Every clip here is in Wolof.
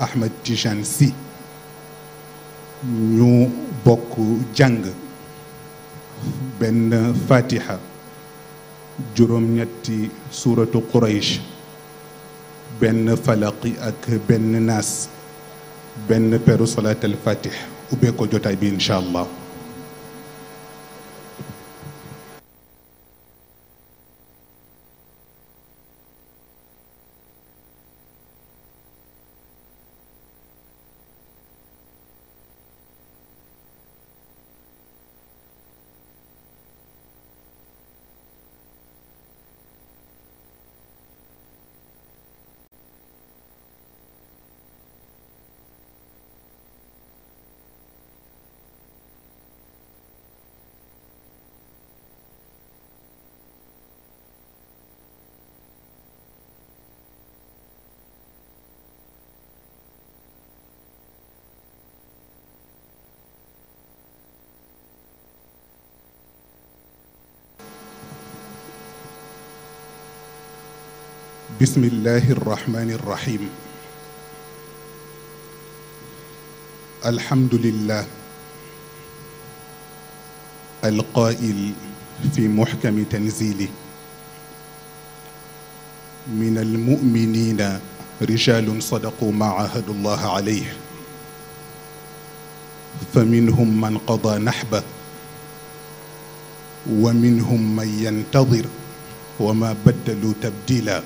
Ahmed Tidiane Sy ñu bokk jàng benn fatiha juróom-ñetti suuratu Quraysh benn falaqi ak benn naas benn peru salaat al fatih ubbee ko jotaay bi incha bismillahi irrahmani irrahim alhamdulillah القائل في محكم تنزيله من المؤمنين رجال صدقوا ما عاهدوا الله عليه فمنهم من قضى نحبه ومنهم من ينتظر وما بدلوا تبديلا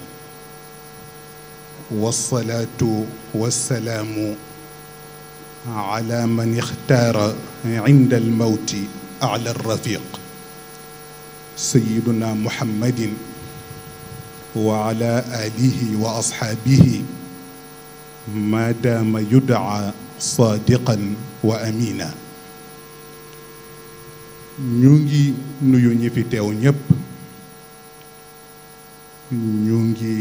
والصلاة والسلام على من اختار عند الموت أعلى الرفيق سيدنا محمد وعلى آله وأصحابه ما دام يدعى صادقا وأمينا ñu ngi nuyu ñi fi teew ñépp ñu ngi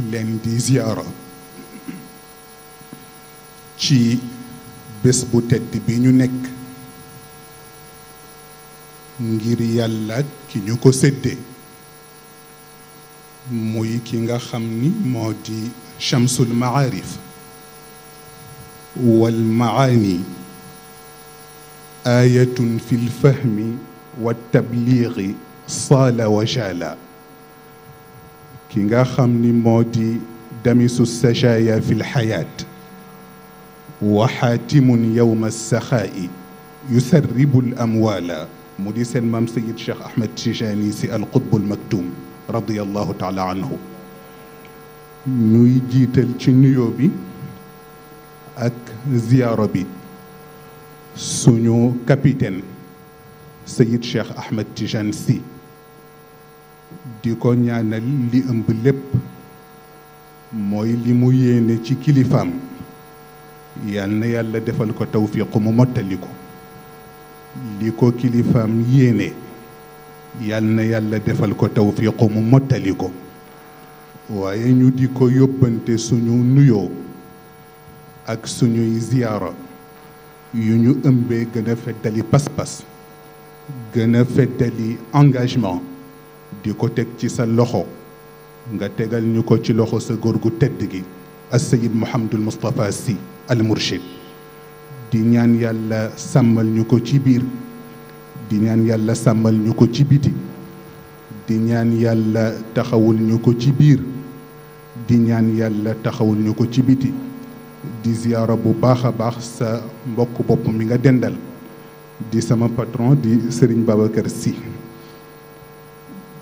leen di ziyaara ci bés tedd bi ñu nekk ngir yàlla ki ñu ko séddee muy ki nga xam ni moo di chamsul maarif wal maani ayatun fi lfahmi wa tabliigi saala wa jaala ki nga xam ni moo di damisu sajaya fi lxayaat wa xaatimun yowma saxaa'i yusarribu lamwaala mu di seen maam sayid cheikh ahmed tijani si alqutbu almaktum radiallahu taala anhu ñuy jiital ci nuyoo bi ak ziyaaro bi suñu capitaine sayid cheikh ahmed tijani si di ko ñaanal li ëmb lépp mooy li mu yéene ci kilifaam yal na yàlla defal ko tawfiiq mu mottali ko li ko kilifaam yéene yal na yàlla defal ko tawfiiq mu mottali ko waaye ñu di ko yóbbante suñu nuyoo ak suñuy ziyaara yu ñu ëmbee gën a feddali pas-pas gën a feddali engagement di ko teg ci sa loxo nga tegal ñu ko ci loxo sa góor gu tedd gi as sayid Mouhamadul Moustapha Sy al Mourchid di ñaan yàlla sàmmal ñu ko ci biir di ñaan yàlla sàmmal ñu ko ci biti di ñaan yàlla taxawul ñu ko ci biir di ñaan yàlla taxawul ñu ko ci biti di ziyaara bu baax a baax sa mbokk bopp mi nga dendal di sama patron di Serigne Babacar si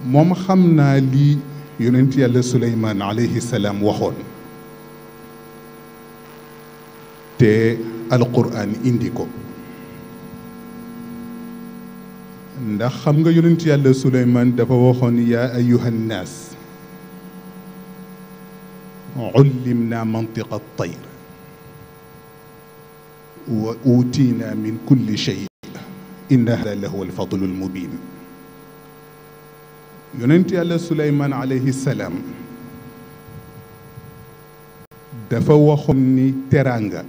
moom xam naa li yonent yàlla suleymaan alayhi salaam waxoon te alquran indi ko ndax xam nga yonent yàlla suleymaan dafa waxoon yaa ayuha nnaas ullimna mantiqa tayr wa utiina min kulli shay inna hada lahu alfadlu almubin yonent yàlla suleymaan alayhi salaam dafa waxoon ni teraanga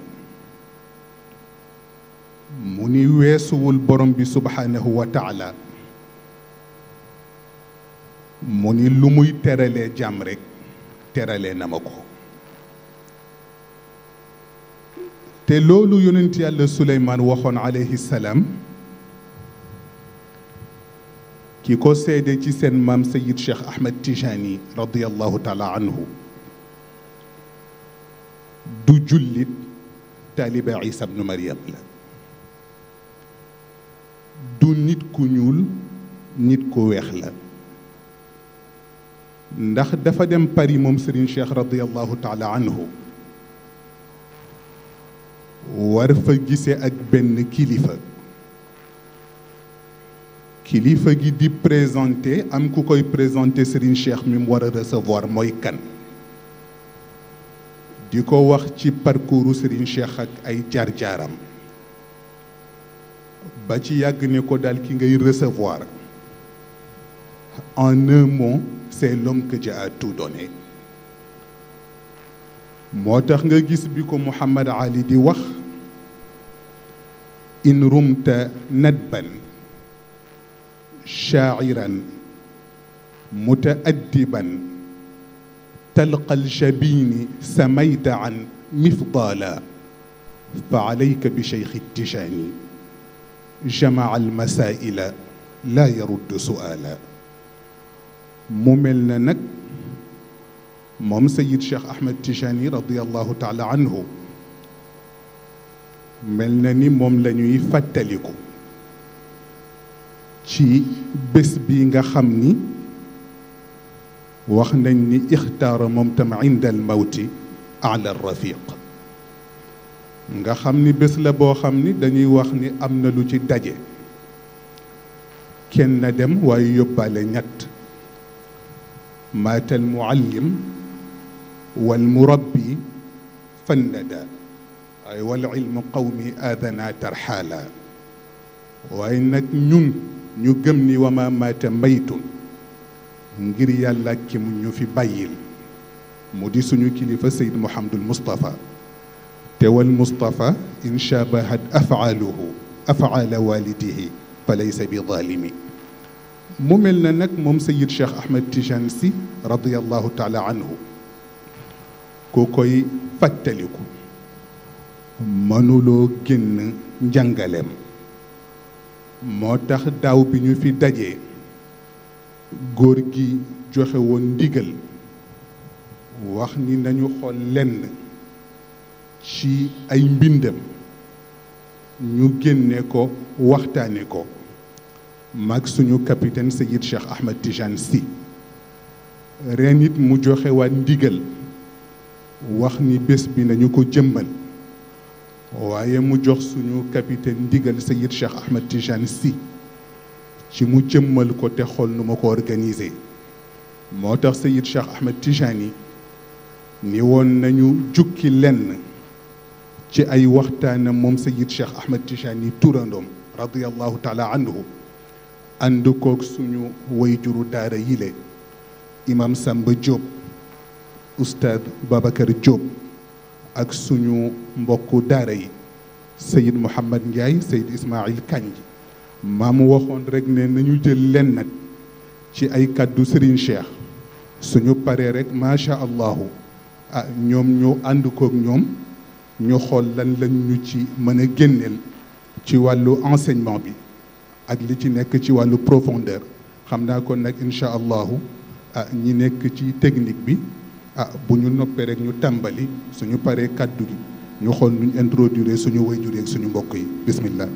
mu ni weesuwul borom bi subhaanahu wa taala mu ni lu muy teralee jàmm rekk teralee nama ko te loolu yonent yàlla suleymaan waxoon alayhi salaam ki ko seede ci seen maam Seyid Cheikh Ahmed Tijani radiallahu taala anhu du jullit taalibe Isa bnu Maryam du nit ku ñuul nit ku weex la ndax dafa dem Paris moom Serigne Cheikh radiallahu taala anhu war fa gise ak benn kilifa kilifa gi di présenté am ku koy présenté Serigne Cheikh mi mu war a recevoir mooy kan di ko wax ci parcours Serigne Cheikh ak ay jaar-jaaram ba ci yàgg ni ko daal ki ngay resevoir en un mot c'est l'homme que Dieu tout donné moo tax nga gis bi ko Mouhamad Ali di wax in rumta nadban شاعرا متأدبا تلقى الجبين سميت عن مفضالا فعليك بشيخ التجاني جمع المسائل لا يرد سؤالا mu mel na nag moom Sayid Cheikh Ahmed Tijani radiallahu taala anhu mel na ni moom la ñuy fàttaliku ci bés bi nga xam ni wax nañ ni ixtaara moom tam inda al mawti ala rafiq nga xam ni bés la boo xam ni dañuy wax ni am na lu ci daje kenn na dem waaye yóbbaale ñett maata al muallim wal murabbi fannada waaye wal ilmu qawmi aadana tarxaala waaye nag ñun ñu gëm ni wama mata maytun ngir yàlla ki mu ñu fi bàyyil mu di suñu kilifa Seyd Mouhamadul Moustapha te wal Moustapha in shabahat afaaluhu afaala walidihi fa laysa bi zalimi mu mel na nag moom Seyyid Cheikh Ahmed Tijane si radiallahu taala anhu ku koy fàttaliku mënuloo génn njàngaleem moo tax daaw bi ñu fi dajee góor gi joxe woon ndigal wax ni nañu xool lenn ci ay mbindam ñu génne ko waxtaane ko mag suñu capitaine Seyid Cheikh Ahmed Tidiane Sy ren it mu joxe waat ndigal wax ni bés bi nañu ko jëmmal waaye mu jox suñu capitaine ndigal Sayid Cheikh Ahmed Tijani ci mu jëmmal ko te xool nu ma ko organiser moo tax Sayid Cheikh Ahmed Tijani ni woon nañu jukki lenn ci ay waxtaanam moom Sayid Cheikh Ahmed Tijani turandoom radiallahu taala anhu ànd koog suñu wayjuru daara yile imam Samba Diop oustad Babacar Diop ak suñu mbokku daara yi Seyid Mouhamad Ndiaye Seyid Ismail Kanji maamu waxoon rek ne nañu jël leen nag ci ay kàddu Serigne Cheikh suñu paree rek macha allahu ah ñoom ñoo ànd kook ñoom ñu xool lan lañ ñu ci mën a génneel ci wàllu enseignement bi ak li ci nekk ci wàllu profondeur xam naa kon nag incha allahu ah ñi nekk ci technique bi ah bu ñu noppee rek ñu tàmbali suñu paree kàddu gi ñu xool nuñ introduire suñu wayjur ak suñu mbokk yi bismillah